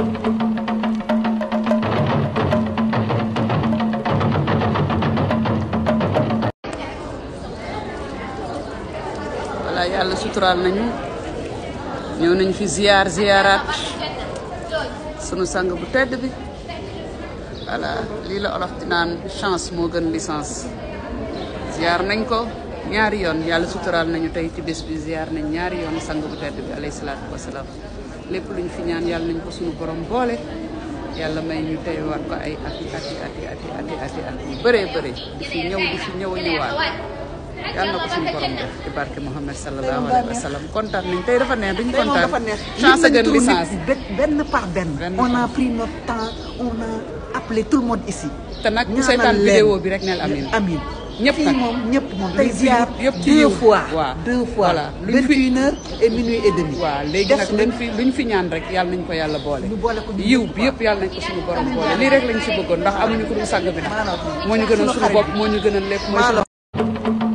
voilà yàlla suturaal nañu ñëw nañu fi ziyaar ziyaaraat sunu sang bu tedd bi voilà lii la olof di naan chance moo gën licence ziyaar nañ ko ñaari yoon yàlla suturaal nañu tey ci bés bi ziar nañ ñaari yoon sang bu tedd bi alayhi salaatu wasalaam lépp lu ñu fi ñaan yàlla nañ ko suñu borom boole yàlla may ñu tey war ko ay ati ati ati ati ati ati at yu bëree di fi ñëw di fi ñëw a ñëwaat yàlla na ko suñu borom def ci barke Mouhamed sallallahu alayhi wa sallam kontaan nañ tey dafa neex duñu kontaan dafa neex chance gën licence benn par benn on a pris notre temps on a appelé tout le monde ici te nag ku seetaan vidéo bi rek neel amin amin ñëpp fii moom ñëpp moom tey ziar deux fois deux fois vingt une heure et minuit et demi waaw léegi nag luñ fi luñ fi ñaan rek yàlla nañ ko yàlla boole yiw bi yëpp yàlla nañ ko suñu borom boole lii rek lañ si bëggoon ndax amuñu ko dul sàng bi nag moo ñu gënal suñu bopp moo ñu gënal lépp mooy